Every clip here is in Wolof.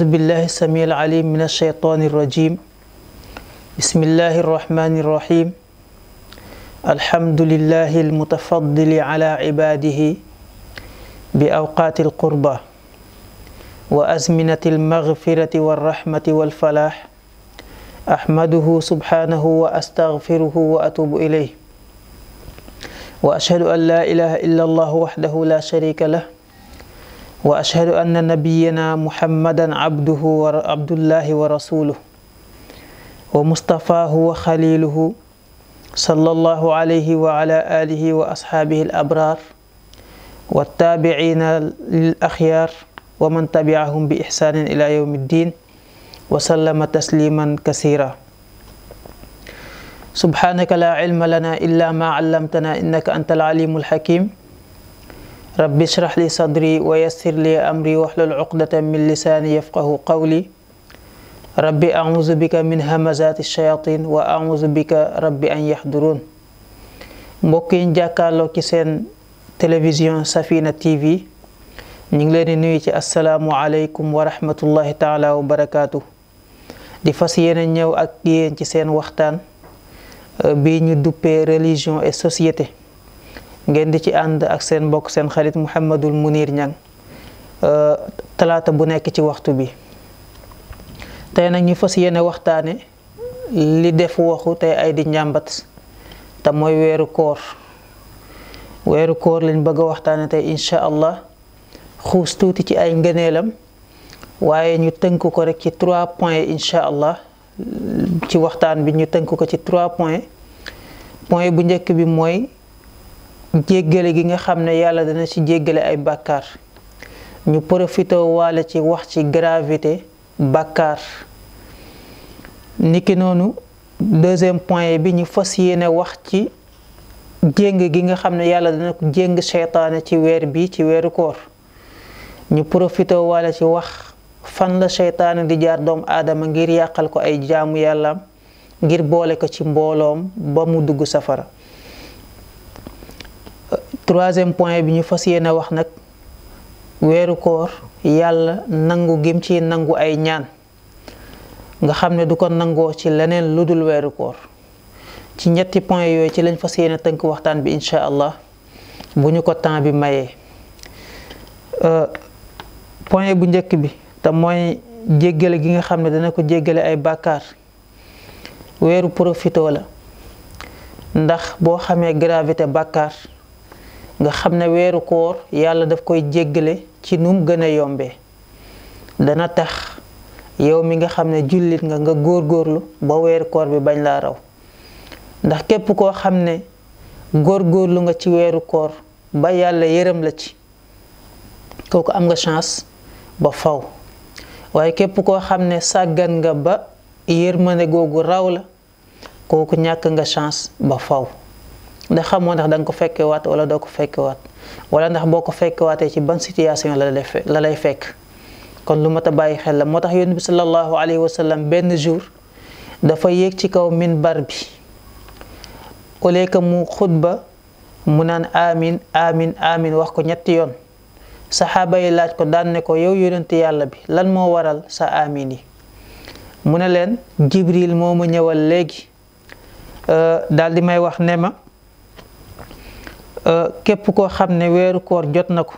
أعوذ بالله السميع العليم من الشيطان الرجيم بسم الله الرحمن الرحيم الحمد لله المتفضل على عباده بأوقات القربى وأزمنة المغفرة والرحمة والفلاح أحمده سبحانه وأستغفره وأتوب إليه وأشهد أن لا إله إلا الله وحده لا شريك له وأشهد أن نبينا محمدا عبده وعبد الله ورسوله ومصطفاه وخليله صلى الله عليه وعلى آله وأصحابه الأبرار والتابعين للأخيار ومن تبعهم بإحسان إلى يوم الدين وسلم تسليما كثيرا سبحانك لا علم لنا إلا ما علمتنا إنك أنت العليم الحكيم رب اشرح لي صدري ويسر لي أمري واحلل عقدة من لساني يفقه قولي ربي أعوذ بك من همزات الشياطين وأعوذ بك ربي أن يحضرون موكين جاكا لو كسين تلفزيون سفينة تي في نيجلي السلام عليكم ورحمة الله تعالى وبركاته دي فاسيين نيو أكيين كسين وقتان بي ني دوبي ريليجيون اي سوسيتي ngeen di ci ànd ak seen mbokk seen xarit Mouhamadul Mounir Niang euh, talaata bu nekk ci waxtu bi te nag ñu fas yéene waxtaane li def waxu te ay di njàmbat te mooy weeru koor weeru koor lañ bëgg a waxtaane tey incha allah xuus tuuti ci ay ngëneelam waaye ñu tënk ko rek ci trois points incha allah ci waxtaan bi ñu tënk ko ci trois points point bu njëkk bi mooy jéggale gi nga xam ne yàlla dana ci jéggale ay bàkkaar ñu profité waale ci wax ci gravité bàkkaar niki noonu deuxième point bi ñu fas yéene wax ci jéng gi nga xam ne yàlla dana jéng seytaane ci weer bi ci weeru koor ñu profité waale ci wax fan la seytaane di jaar doomu aadama ngir yàqal ko ay jaamu yàlla ngir boole ko ci mbooloom ba mu dugg safara troisième point bi ñu fas yéene wax nag weeru koor yàlla nangu gim ci nangu ay ñaan nga xam ne du ko nangoo ci leneen lu dul weeru koor ci ñetti point yooyu ci lañ fas yéene tënk waxtaan bi incha allah bu ñu ko temps bi mayee euh, point bu njëkk bi te mooy jéggale gi nga xam ne dana ko jéggale ay bàkkaar weeru profito la ndax boo xamee gravité bàkkaar nga xam ne weeru koor yàlla daf koy jéggale ci num gën a yombee dana tax yow mi nga xam ne jullit nga nga góorgóorlu ba weeru koor bi bañ laa raw ndax képp koo xam ne góorgóorlu nga ci weeru koor ba yàlla yërëm la ci kooku am nga chance ba faw waaye képp koo xam ne sàggan nga ba yërmande googu raw la kooku ñàkk nga chance ba faw ndax xamoo ndax da nga ko fekke waat wala doo ko fekke waat wala ndax boo ko fekke waatee ci ban situation la lay la lay fekk kon lu mat a bàyyi xel la moo tax yonent bi sallallahu alayhi wa sallam benn jour dafa yéeg ci kaw minbar bi au lieu que mu xutba mu naan amin amin amin wax ko ñetti yoon saxaaba yi laaj ko daan ne ko yow yonent yàlla bi lan moo waral sa amin yi mu ne leen jibril moo ma ñëwal léegi daal di may wax ne ma Euh, képp koo xam ne weeru koor jot na ko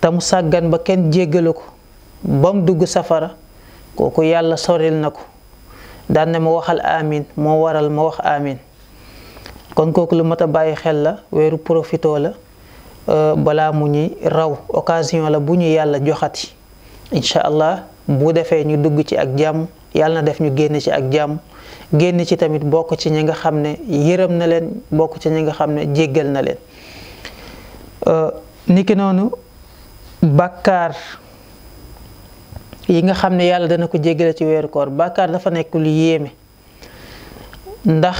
te sàggan ba kenn jéggalu ko ba dugg safara kooku yàlla soril na ko daan ma waxal amin moo waral ma wax amin kon kooku lu mat a bàyyi xel la weeru profito la euh, balaa mu ñuy raw occasion la bu ñu yàlla joxati incha allah bu defee ñu dugg ci ak jàmm yàlla def ñu génn ci ak jàmm génn ci tamit bokk ci ñi nga xam ne yërëm na leen bokk ci ñi nga xam ne jéggal na leen euh, niki noonu bàkkaar yi nga xam ne yàlla dana ko jéggale ci weeru koor bàkkaar dafa nekk lu yéeme ndax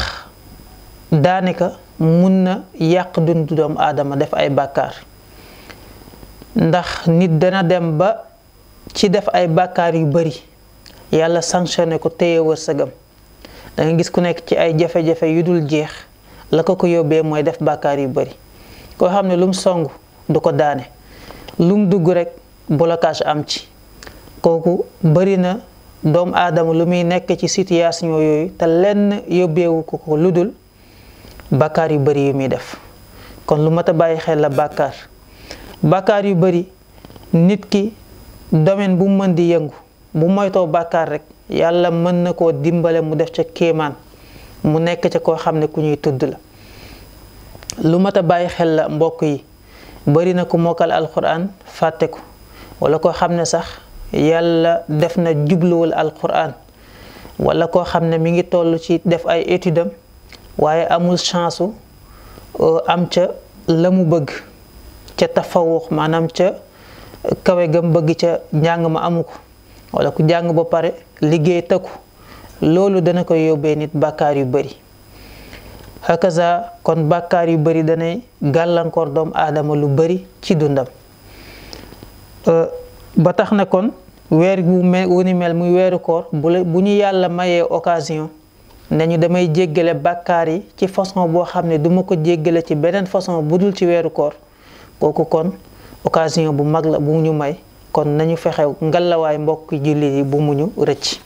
daanaka mun na yàq dundu doomu aadama def ay bàkkaar ndax nit dana dem ba ci def ay bàkkaar yu bari yàlla sanctionné ko téye wërsëgam da gis ku nekk ci ay jafe-jafe yu dul jeex la ko ko yóbbee mooy def bàkkaar yu bari koo xam ne lum song du ko daane lum dugg rek blocage am ci kooku bari na doomu aadama lu muy nekk ci situation yooyu te lenn yóbbewu ko ko lu dul bàkkaar yu bari yu muy def kon lu mat a bàyyi xel la bàkkaar bàkkaar yu bari nit ki domaine bu mu mën di yëngu bu moytoo bàkkaar rek yàlla mën na ko dimbale mu def ca kéemaan mu nekk ca koo xam ne ku ñuy tudd la lu mat a bàyyi xel la mbokk yi bari na ku mokkal alquran fàtte ko wala koo xam ne sax yàlla def na jubluwul alquran wala koo xam ne mu ngi toll ci def ay étude am waaye amul chance u euh, am ca la mu bëgg ca tafawux maanaam ca kawe gam bëgg ca njàng ma amu ko wala ku jàng ba pare liggéey takku loolu dana ko yóbbee nit bàkkaar yu bari hakaza kon bàkkaar yu bari danay gàllankoor doomu aadama lu bari ci dundam ba tax na kon weer wu mel muy weeru koor bu la bu ñu yàlla mayee occasion nañu damay jéggale bàkkaar yi ci façon boo xam ne duma ko jéggale ci beneen façon bu dul ci weeru koor kooku kon occasion bu mag la bu ñu may kon nañu fexew ngalawaay mbokk jullit yi bu mu ñu rëcc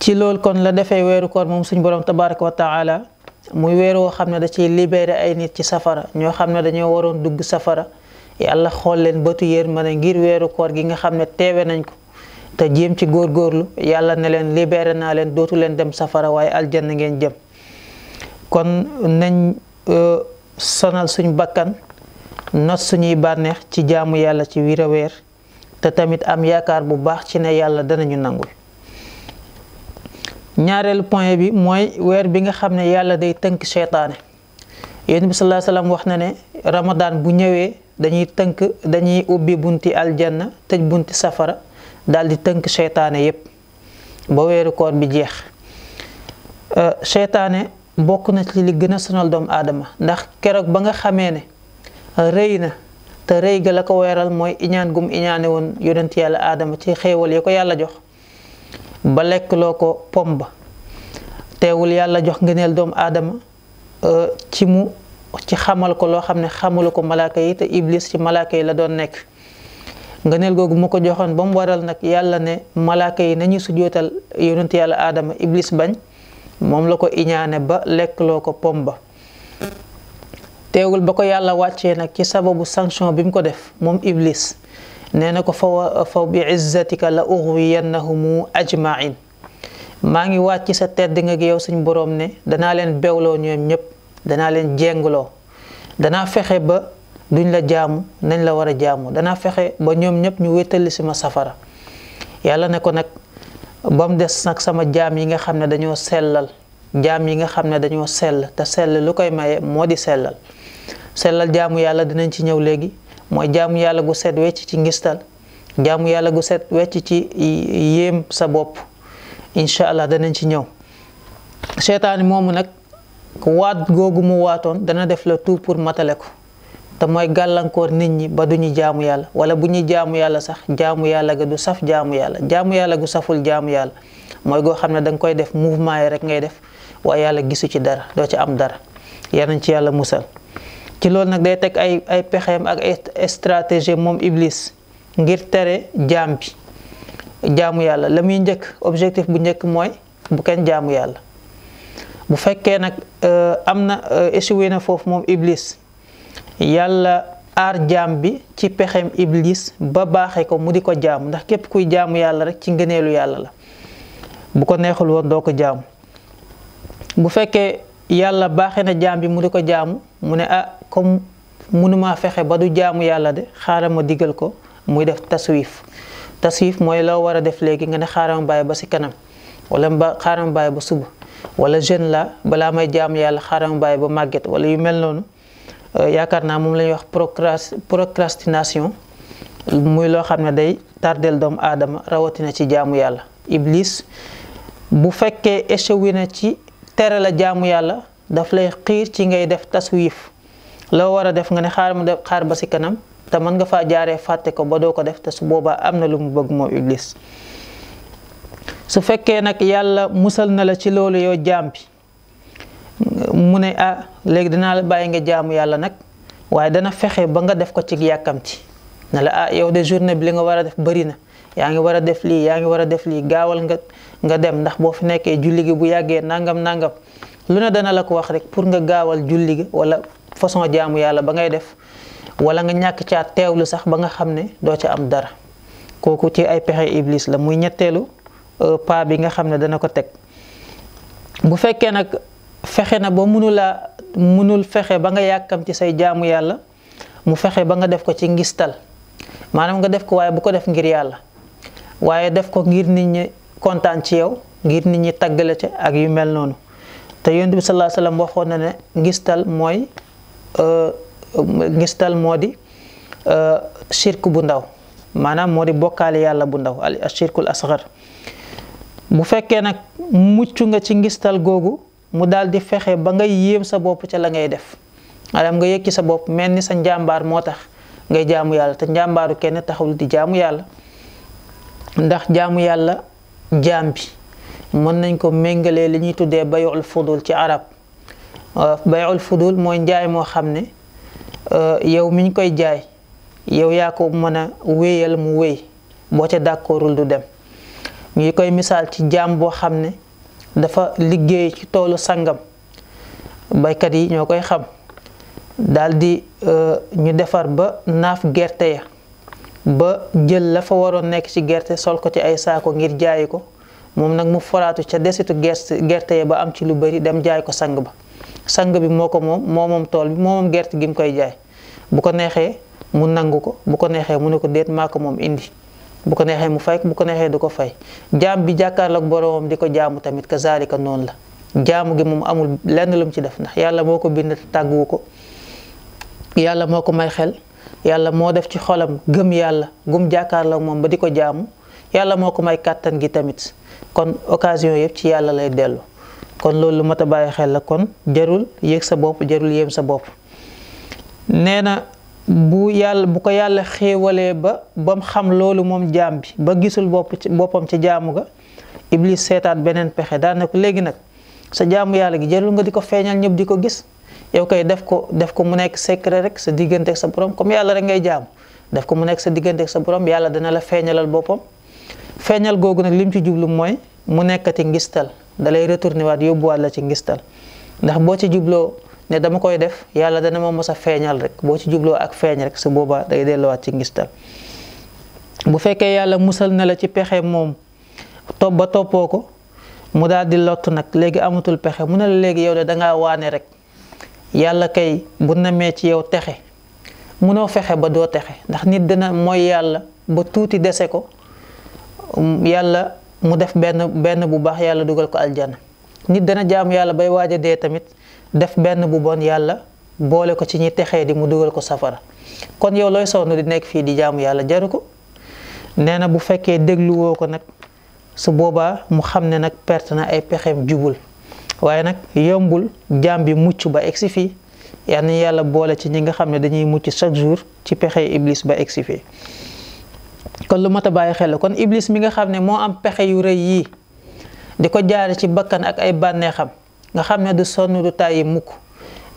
ci loolu kon la defee weeru koor moom suñ borom tabaraka wa taala muy weer woo xam ne da ciy libéré ay nit ci safara ñoo xam ne dañoo waroon dugg safara yàlla xool leen bëtu ma ne ngir weeru koor gi nga xam ne teewe nañ ko te jéem ci góor góorlu yàlla ne leen libeere naa leen dootu leen dem safara waaye aljanna ngeen jëm kon nañ euh, sonal suñ bakkan nos suñuy bànneex ci jaamu yàlla ci wiir weer te tamit am yaakaar bu baax ci ne yàlla danañu nangu ñaareelu point bi mooy weer bi nga xam ne yàlla day tënk seytaane yonent bi sallallahu wax na ne ramadaan bu ñëwee dañuy tënk dañuy ubbi bunti aljanna tëj bunti safara daal di tënk seytaane yépp ba weeru koor bi jeex euh, seytaane bokk na ci li gën a sonal doomu aadama ndax keroog ba nga xamee ne rëy na te rëy ga la ko weeral mooy iñaan gum iñaane woon yonent yàlla aadama ci xéewal yi ko yàlla jox ba lekk loo ko pom ba teewul yàlla jox ngëneel doomu aadama euh, ci mu ci xamal ko loo xam ne xamalu ko malaaka yi te iblis ci malaaka yi la doon nekk ngëneel googu mu ko joxoon ba mu waral nag yàlla ne malaaka yi nañuy sujootal yonent yàlla aadama iblis bañ moom la ko iñaane ba lekk loo ko pom ba teewul ba ko yàlla wàccee nag ci sababu sanction bi mu ko def moom iblis nee na ko faw fa bi izzatika la ughwiyannahumu ajmain maa ngi wàcc sa tedd nga gi yow suñ boroom ne danaa leen bewloo ñoom ñëpp danaa leen jengloo danaa fexe ba duñ la jaamu nañ la war a jaamu danaa fexe ba ñoom ñëpp ñu wétali si safara yàlla ne ko nag ba mu des nag sama jaam yi nga xam ne dañoo sellal jaam yi nga xam ne dañoo sell te sell lu koy maye moo di sellal sellal jaamu yàlla dinañ ci ñëw léegi mooy jaamu yàlla gu set wecc ci ngistal jaamu yàlla gu set wecc ci yéem sa bopp incha allah danañ ci ñëw seytaani moomu nag waat googu mu waatoon dana def la tout pour matale ko te mooy gàllankoor nit ñi ba du ñu jaamu yàlla wala bu ñuy jaamu yàlla sax jaamu yàlla ga du saf jaamu yàlla jaamu yàlla gu saful jaamu yàlla mooy goo xam ne danga koy def mouvement yi rek ngay def waaye yàlla gisu ci dara doo ci am dara yal nañ ci yàlla musal ci loolu nag day teg ay ay pexeem ak ay stratégie moom iblis ngir tere jaam bi jaamu yàlla la muy njëkk objectif bu njëkk mooy bu kenn jaamu yàlla bu fekkee nag euh, am na euh, échoué na foofu moom iblis yàlla aar jaam bi ci pexeem iblis ba baaxee ko mu di ko jaamu ndax képp kuy jaamu yàlla rek ci ngëneelu yàlla la bu ko neexul woon doo ko jaamu bu fekkee yàlla baaxe na jaam bi mu di ko jaamu mu ne ah comme mënumaa fexe ba du jaamu yàlla de xaaral ma digal ko muy def taswif taswif mooy loo war a def léegi nga ne xaaral ma ba si kanam wala ba xaaral ma bàyyi ba suba wala jeune la balaa may jaamu yàlla xaaral ma ba màgget wala yu mel noonu euh, yaakaar naa moom la wax procrastination muy loo xam ne day tardel doomu aadama rawatina ci jaamu yàlla iblis bu fekkee échoué ci tere la jaamu yàlla daf lay xiir ci ngay def taswif loo war a def nga ne xaar mu def xaar ba si kanam te mën nga faa jaaree fàtte ko ba doo ko def te su boobaa am na lu mu bëgg moom iblis su fekkee nag yàlla musal na la ci loolu yow jaam bi mu ne ah léegi dinaa la bàyyi nga jaamu yàlla nag waaye dana fexe ba nga def ko ci yàkkamti ne la ah yow de journée bi li nga war a def bëri na yaa ngi wara def li yaa ngi war def li gawal nga nga dem ndax bo fi nekké julli gi bu yagge nangam nangam luna dana la ko wax rek pour nga gawal julli gi wala façon jaamu yalla ba ngay def wala nga ñak ci teewlu sax ba nga xamné do ci am dara koku ci ay pexé iblis la muy euh pa bi nga xamné dana ko tek bu fekké nag fexé na ba mënula mënul fexé ba nga yakam ci say jaamu yalla mu fexé ba nga def ko ci ngistal manam nga def ko waye bu ko def ngir yalla waaye def ko ngir nit ñi kontaan ci yow ngir nit ñi taggale ci ak yu mel noonu te yonent bi sallallahu alayhi na ne ngistal mooy euh, ngistal moo di euh, shirk bu ndaw maanaam moo di bokkaale yàlla bu ndaw al shirkul asgar fekkee nag mucc nga ci ngistal googu mu daal di fexe ba ngay yéem sa bopp ca la ngay def maanaam nga yëkki sa bopp mel ni sa njàmbaar moo tax ngay jaamu yàlla te njàmbaaru kenn taxul di jaamu yàlla ndax jaamu yàlla jaam bi mën nañ ko méngalee li ñuy tuddee bayul fudul ci arab euh, bayul fudul mooy njaay moo xam ne euh, yow miñ koy jaay yow yaa ko mën a wéyal mu wéy boo ca d'accordul du dem ngi koy misaal ci jaam boo xam ne dafa liggéey ci toolu sangam baykat yi ñoo koy xam daldi euh, ñu defar ba naaf gerte ya ba jël la fa waroon nekk ci gerte sol ko ci ay saako ngir jaayi ko moom nag mu foraatu ca desitu gerte gerte ba am ci lu bari dem jaay ko sang ba sang bi moo ko moom moo moom tool bi moo moom gerte gi mu koy jaay bu ko neexee mu nangu ko bu ko neexee mu ne ko déet maa moom indi bu ko neexee mu fay ko bu ko neexee du ko fay jaam bi jàkkaarloog boroomam di ko jaamu tamit kazaalika noonu la jaamu gi moom amul lenn lu mu ci def ndax yàlla moo ko bind tàgguwu ko yàlla moo ko may xel yàlla moo def ci xolam gëm yàlla gum jàkkaarloo moom ba di ko jàmm yàlla moo ko may kàttan gi tamit kon occasion yëpp ci yàlla lay dellu kon loolu lu mat a bàyyi xel la kon jarul yéeg sa bopp jarul yéem sa bopp nee na bu yàlla bu ko yàlla xéewalee ba bam xam loolu moom jaam bi ba gisul bopp boppam ci jaamu ga iblis seetaan beneen pexe daana léegi nag sa jaamu yàlla gi jarul nga di ko feeñal ñëpp di ko gis yow kay def ko def ko mu nekk secret rek sa diggante ak sa borom comme yàlla rek ngay jaamu def ko mu nekk sa diggante sa borom yàlla dana la feeñalal boppam feeñal googu nag lim ci jublu mooy mu nekkati ngistal da lay retourné waat yóbbuwaat la ci ngistal ndax boo ci jubloo ne dama koy def yàlla dana ma mos a feeñal rek boo ci jubloo ak feeñ rek su boobaa day delluwaat ci ngistal bu fekkee yàlla musal na la ci pexe moom topp ba toppoo ko mu daal di lott nag léegi amatul pexe mu ne la léegi yow de dangaa waane rek yàlla kay bu namee ci yow texe mënoo fexe ba doo texe ndax nit dana mooy yàlla ba tuuti dese ko yàlla mu def benn benn bu baax yàlla dugal ko aljana nit dana jaamu yàlla bay waaj a dee tamit def benn bu bon yàlla boole ko ci ñi texee di mu dugal ko safara kon yow looy sonn di nekk fii di jaamu yàlla jaru ko nee na bu fekkee dégluwoo ko nag su boobaa mu xam ne nag perte na ay pexeem jubul waaye nag yombul jaam bi mucc ba egsi fii yal yàlla boole ci ñi nga xam ne dañuy mucc chaque jour ci pexe iblis ba egsi fii kon lu mat a bàyyi xel kon iblis mi nga xam ne moo am pexe yu rëy yii di ko jaare ci bakkan ak ay bànneexam nga xam ne du sonn du tàyyi mukk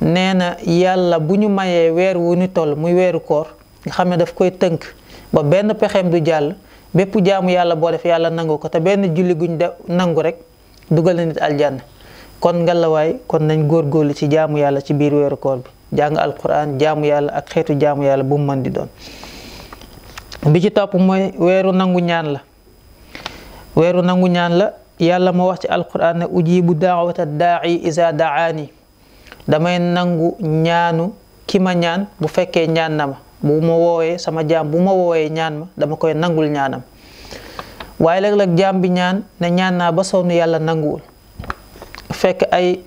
nee na yàlla bu ñu mayee weer wu ñu toll muy weeru koor nga xam ne daf koy tënk ba benn pexeem du jàll bépp jaamu yàlla boo def yàlla nangu ko te benn julli guñ de nangu rek dugal na nit kon ngalawaay kon nañ góorgóorlu ci jaamu yàlla ci biir weeru kool bi jàng alquran jaamu yàlla ak xeetu jaamu yàlla bu mu mën di doon bi ci topp mooy weeru nangu ñaan la weeru nangu la yàlla moo wax ci alquran ne ujibu daawata daai isa daani damay nangu ñaanu ki ma ñaan bu fekkee ñaan na ma bu ma woowee sama jaam bu ma woowee ñaan ma dama koy nangul ñaanam waaye léeg-léeg jaam bi ñaan ne ñaan naa ba sonn yàlla nanguwul fekk ay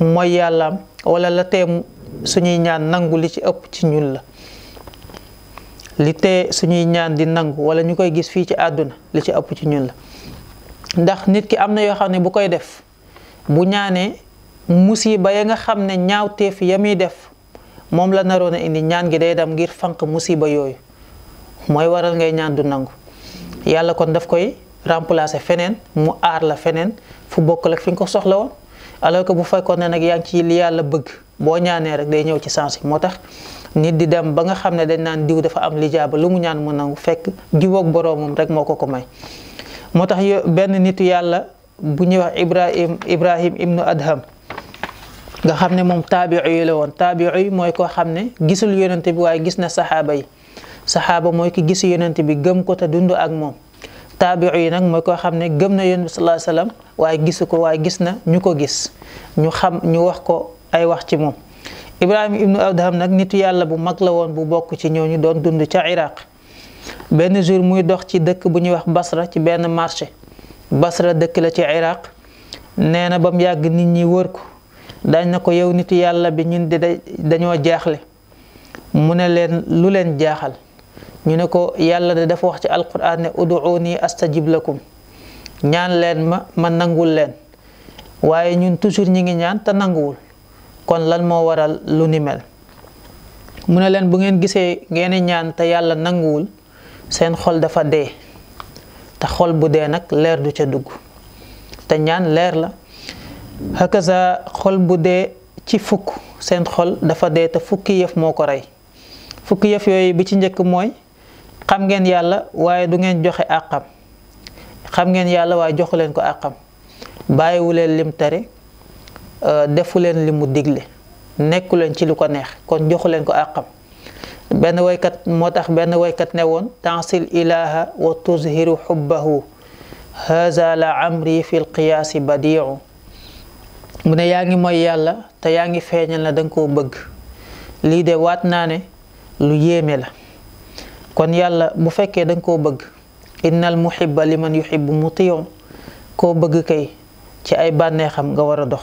mooy yàlla wala la teem suñuy ñaan nangu li ci ëpp ci ñun la li tee suñuy ñaan di nangu wala ñu koy gis fii ci àdduna li ci ëpp ci ñun la ndax nit ki am na yoo xam ne bu koy def bu ñaanee musiba ya nga xam ne ñaaw ñaawteef ya muy def moom la naroon a indi ñaan gi day dem ngir fànq musiba yooyu mooy waral ngay ñaan du nangu yàlla kon daf koy remplacer feneen mu aar la feneen fu bokkul ak fi nga ko soxla alors que bu fekkone nak yang ci li yalla bëgg bo ñaané rek day ñëw ci sens yi moo nit di dem ba nga xamné dañ nan diiw dafa am lijaaba lu mu ñaan mu nang fekk diwoog boroomam rek moko ko may moo ben nitu yalla bu ñu wax ibrahim ibrahim ibnu adham nga xamné mom tabi'u yi la won tabi'u moy ko xamné gisul yonente bi way gis na sahaba yi sahaba moy ki gis yonente bi gëm ko ta dundu ak mom taabi yi nag mooy koo xam ne gëm na yonent bi sallallahu waaye gisu ko waaye gis na ñu ko gis ñu xam ñu wax ko ay wax ci moom ibrahima ibnu adham nag nitu yàlla bu mag la woon bu bokk ci ñu doon dund ca iraq benn jour muy dox ci dëkk bu ñuy wax basra ci benn marché basra dëkk la ci iraq nee na ba mu yàgg nit ñi wër ko dañ na ko yow nitu yàlla bi ñun de dañoo jaaxle mu ne leen lu leen jaaxal ñu ne ko yàlla de dafa wax ci alquran ne uduuni astajib lakum ñaan leen ma ma nangul leen waaye ñun toujours ñi ngi ñaan te nanguwul kon lan moo waral lu ni mel mu ne leen bu ngeen gisee ngeen ñaan te yàlla nanguwul seen xol dafa dee te xol bu dee nag leer du ca dugg te ñaan leer la hakaza xol bu dee ci fukk seen xol dafa dee te fukki yëf moo ko rey fukki yëf yooyu bi ci njëkk mooy xam ngeen yàlla waaye du ngeen joxe àqam xam ngeen yàlla waaye joxu leen ko àqam bàyyiwu leen lim tere euh, defu leen li mu digle nekku leen ci lu ko neex kon joxu leen ko àqam benn waykat moo tax benn woykat ne woon tansil ilaha wa tuzhiru xubbahu haza la amri fi lqiyaasi badiu mu ne yaa ngi moy yàlla te yaa ngi feeñal na danga koo bëgg lii de waat naa ne lu yéeme la kon yàlla bu fekkee danga koo bëgg mu innal muhibba liman yuhibbu mutiyu koo bëgg kay ci ay bànneexam nga war a dox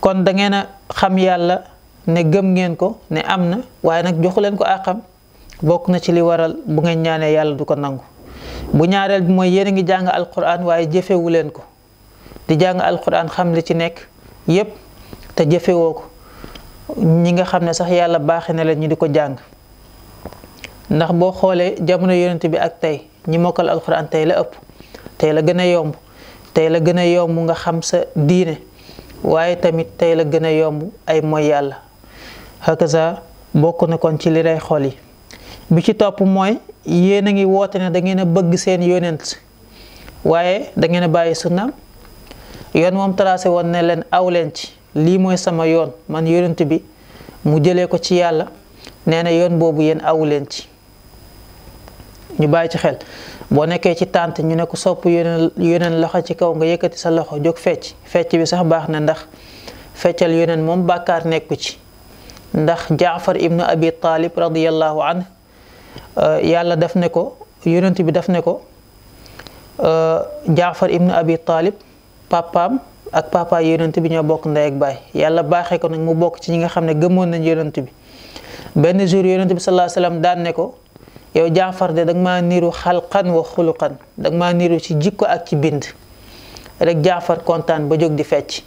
kon dangeen a xam yàlla ne gëm ngeen ko ne am na waaye nag joxu leen ko àqam bokk na ci li waral bu ngeen ñaanee yàlla du ko nangu bu ñaareel bi mooy yéen a ngi jàng alquran waaye jëfewu leen ko di jàng alquran xam li ci nekk yépp te jëfewoo ko ñi nga xam ne sax yàlla baaxe na leen ñi di ko jàng ndax boo xoolee jamono yonent bi ak tey ñi mokkal alxuraan tey la ëpp tey la gën a yomb tey la gën a yomb nga xam sa diine waaye tamit tey la gën a yomb ay mooy yàlla hakaza bokk na kon ci li rey xool yi bi ci topp mooy yéen a ngi woote ne da ngeen a bëgg seen yonent waaye dangeen ngeen a bàyyi sunnaam yoon moom tracé woon ne leen aw leen ci lii mooy sama yoon man yonent bi mu jëlee ko ci yàlla nee na yoon boobu yéen awu leen ci ñu bàyyi ci xel boo nekkee ci tànt ñu ne sopp yeneen yeneen loxo ci kaw nga yëkkati sa loxo jóg fecc fecc bi sax baax na ndax feccal yeneen moom bàkkaar nekku ci ndax jaafar ibnu abi taalib radiallahu an euh, yàlla daf ne ko yonent bi daf ne ko euh, jaafar ibnu abi taalib papaam ak papa yonent bi ñoo bokk ndey ak baay yàlla baaxee ko nag mu bokk ci ñi nga xam ne gëmoon nañ yonent bi benn jour yonent bi sallallahu alayhi wa daan ne ko yow Jafar, de dag ma niru khalqan wa khuluqan dag ma niru ci jikko ak ci bind rek jafar kontan ba jog di fecc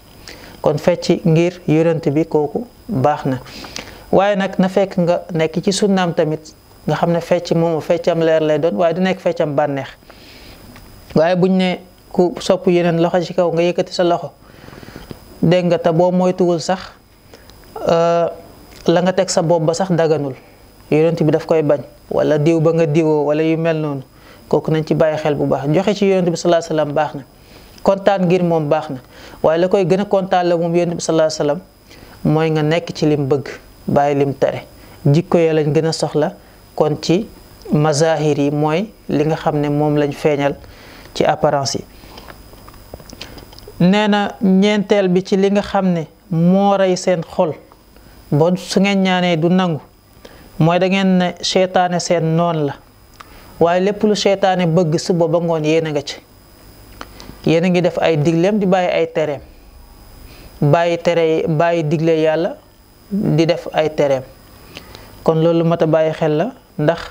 kon fecc ngir yoonte bi koku baxna waye nak na fek nga nek ci sunnam tamit nga xamne ne fecc moomu feccam leer lay don waye du nekk feccam banex waye buñ ne ku sopu yenen loxo ci kaw nga yekati sa loxo dégg nga ta bo moytuul sax euh, la nga tek sa bob ba sax daganul yonent bi daf koy bañ wala diiw ba nga diiw wala yu mel non koku nañ ci baye xel bu baax joxe ci yonent bi sallallahu alayhi wasallam baxna contane ngir mom baxna na la koy gëna contane la mom yonent bi alayhi wasallam moy nga nek ci lim bëgg baye lim téré jikko ya lañ gëna soxla kon ci mazahiri moy li nga xamne mom lañ feñal ci apparence ñentel bi ci li nga xamne mo ray xol bo su ngeen ñaanee du nangou mooy da ngeen ne seytaane seen noon la waaye lépp lu seytaane bëgg suba ba ngoon yéen a nga ci yéen a ngi def ay digleem di bàyyi ay tereem bàyyi tere bàyyi digle yàlla di def ay tereem kon loolu mat a bàyyi xel la ndax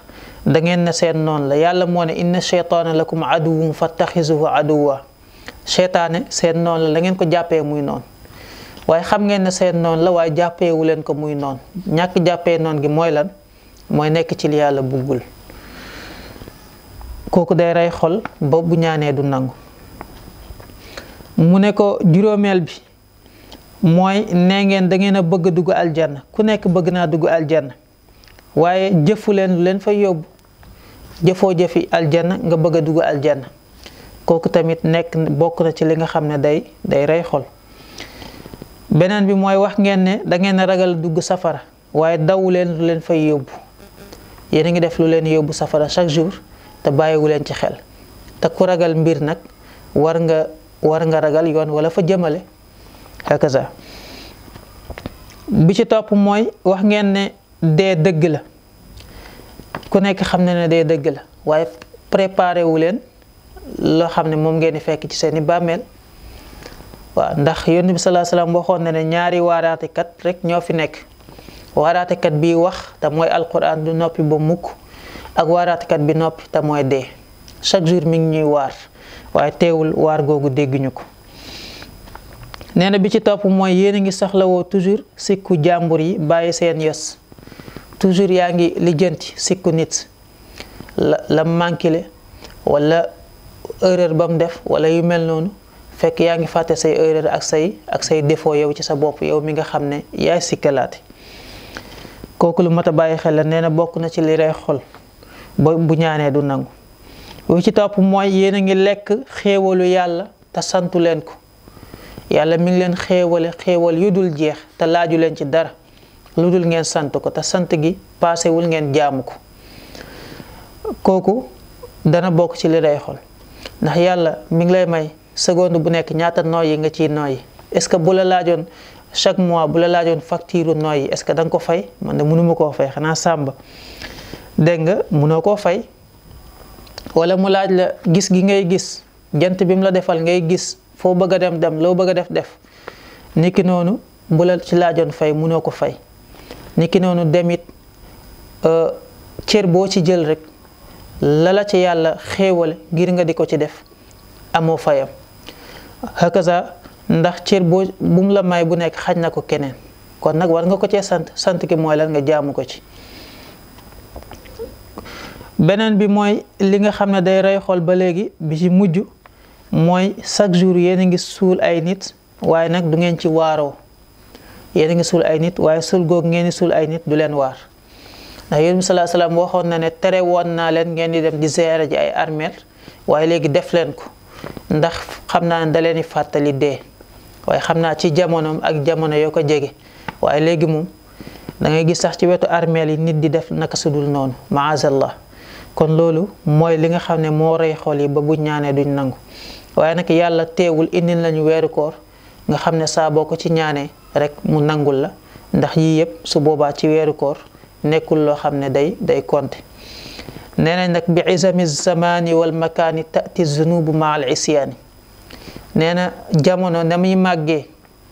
da ngeen ne seen noon la yàlla moo ne la inna seytaane lakum aduwwun fattaxisuhu aduwwa seytaane seen noon la da ngeen ko jàppee muy noonu waaye xam ngeen ne seen noon la waaye jàppeewu leen ko muy noon ñàkk jàppe noon gi mooy lan mooy nekk ci li yàlla buggul kooku day rey xol ba ñaanee du nangu mu ne ko juróomeel bi mooy nee ngeen dangeen bëgg dugg aljanna ku nekk bëgg naa dugg aljanna waaye jëfu leen lu yóbbu jëfoo jëfi nga bëgg a dugg aljanna kooku tamit nekk bokk na ci li nga xam ne day day rey xol beneen bi mooy wax ngeen ne dangeen ngeen ragal dugg safara waaye daw leen lu leen fay yóbbu yéen a ngi def lu leen yóbbu safara chaque jour te bàyyiwu leen ci xel te ku ragal mbir nag war nga war nga ragal yoon wala fa jëmale hakaza bi ci topp mooy wax ngeen ne dee dëgg la ku nekk xam ne ne dee dëgg la waaye préparé wu leen loo xam ne moom ngeen di fekk ci seeni bàmmeel waaw ndax yonent bi salaa salaam waxoon na ne ñaari waaraatekat rek ñoo fi nekk waaraatekat bi wax te mooy alquran du noppi ba mukk ak waaraatekat bi noppi tam mooy dee chaque jour mi ngi ñuy waar waaye teewul waar googu dégguñu ko nee na bi ci topp mooy yéen a ngi soxlawoo toujours siku jàmbur yi bàyyi seen yos toujours yaa ngi lijjanti sikku nit la la manqué le wala ba mu def walla yu mel noonu fekk yaa ngi fàtte say erreur ak say ak say défaut yow ci sa bopp yow mi nga xam ne yaay sikkalaati kooku lu mat a bàyyi xel la nee na bokk na ci li rey xol ba bu ñaanee du nangu bu ci topp mooy yéen a ngi lekk xéewalu yàlla te santu leen ko yàlla mi ngi leen xéewale xéewal yu dul jeex te laaju leen ci dara lu dul ngeen sant ko te sant gi paasewul ngeen jaamu ko kooku dana bokk ci li rey xol ndax yàlla mi ngi lay may seconde bu nekk ñaata nooyi nga ciy nooyi est-ce que bu la laajoon chaque mois bu la laajoon facture nooyi est-ce que da nga ko fay man de mënuma koo fay xanaa sàmba dégg nga mënoo koo fay wala mu laaj la gis gi ngay gis jant bi mu la defal ngay gis foo bëgg a dem dem loo bëgg a def def niki noonu bu la ci laajoon fay munoo ko fay niki noonu demit euh, cër boo ci jël rek lala ci yàlla xéewal ngir nga di ko ci def amoo fayam hakaza ndax cër boo bu mu la may bu nekk xaj na ko keneen kon nag war nga ko cee sant sant ki mooy leen nga jaamu ko ci beneen bi mooy li nga xam ne day rey xool ba léegi bi ci mujj mooy chaque jour yéen a ngi suul ay nit waaye nag du ngeen ci waaro yéen a ngi suul ay nit waaye suul googu ngeen suul ay nit du leen waar ndax yéen bi salaa salaam waxoon na ne tere woon naa leen ngeen di dem di gérer ji ay armeel waaye léegi def leen ko ndax xam naa ne da leen fàttali de waaye xam naa ci jamonoom ak jamono yoo ko jege waaye léegi mu dangay gis sax ci wetu armeel yi nit di def naka sudul noonu maazallah kon loolu mooy li nga xam ne moo rey xol yi ba ñaanee duñ nangu waaye nag yàlla teewul indil lañu weeru koor nga xam ne saa boo ko ci ñaanee rek mu nangul la ndax yii yëpp su boobaa ci weeru koor nekkul loo xam ne day day konte nee nañ nag bi isami zamani wal makaani tati zunubu ma al isyaani nee na jamono na muy màggee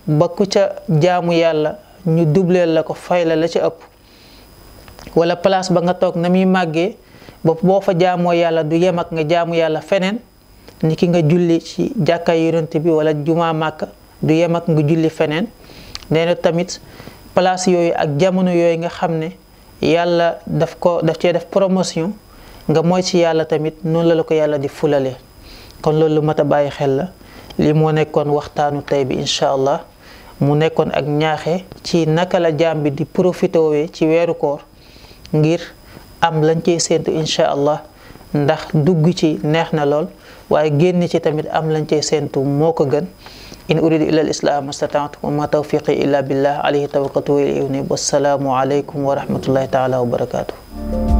ba ku ca jaamu yàlla ñu dubleel la ko fay la la ca ëpp wala place ba nga toog na muy màggee ba boo fa jaamoo yàlla du yem ak nga jaamu yàlla feneen ni ki nga julli ci jàkka bi wala jumaa màkka du yem ak nga julli feneen nee na tamit place yooyu ak jamono yooyu nga xam ne yàlla daf ko daf cee def promotion nga moy ci yàlla tamit noonu la la ko yàlla di fulale kon loolu lu mat a bàyyi xel la li mo nekkon waxtaanu tay bi inshallah mu nekkon ak ñaaxe ci naka la jambi di profito wé ci wéru koor ngir am lañ cey sentu inshallah ndax dugg ci neexna lol waye waaye génn ci tamit am lañ cey sentu moko gën in uridu illa alislam mastataatu wa ma tawfiqi illa billah alayhi tawakkaltu wa ilayhi unib wassalaamu alaykum wa rahmatullahi taala wa barakatuh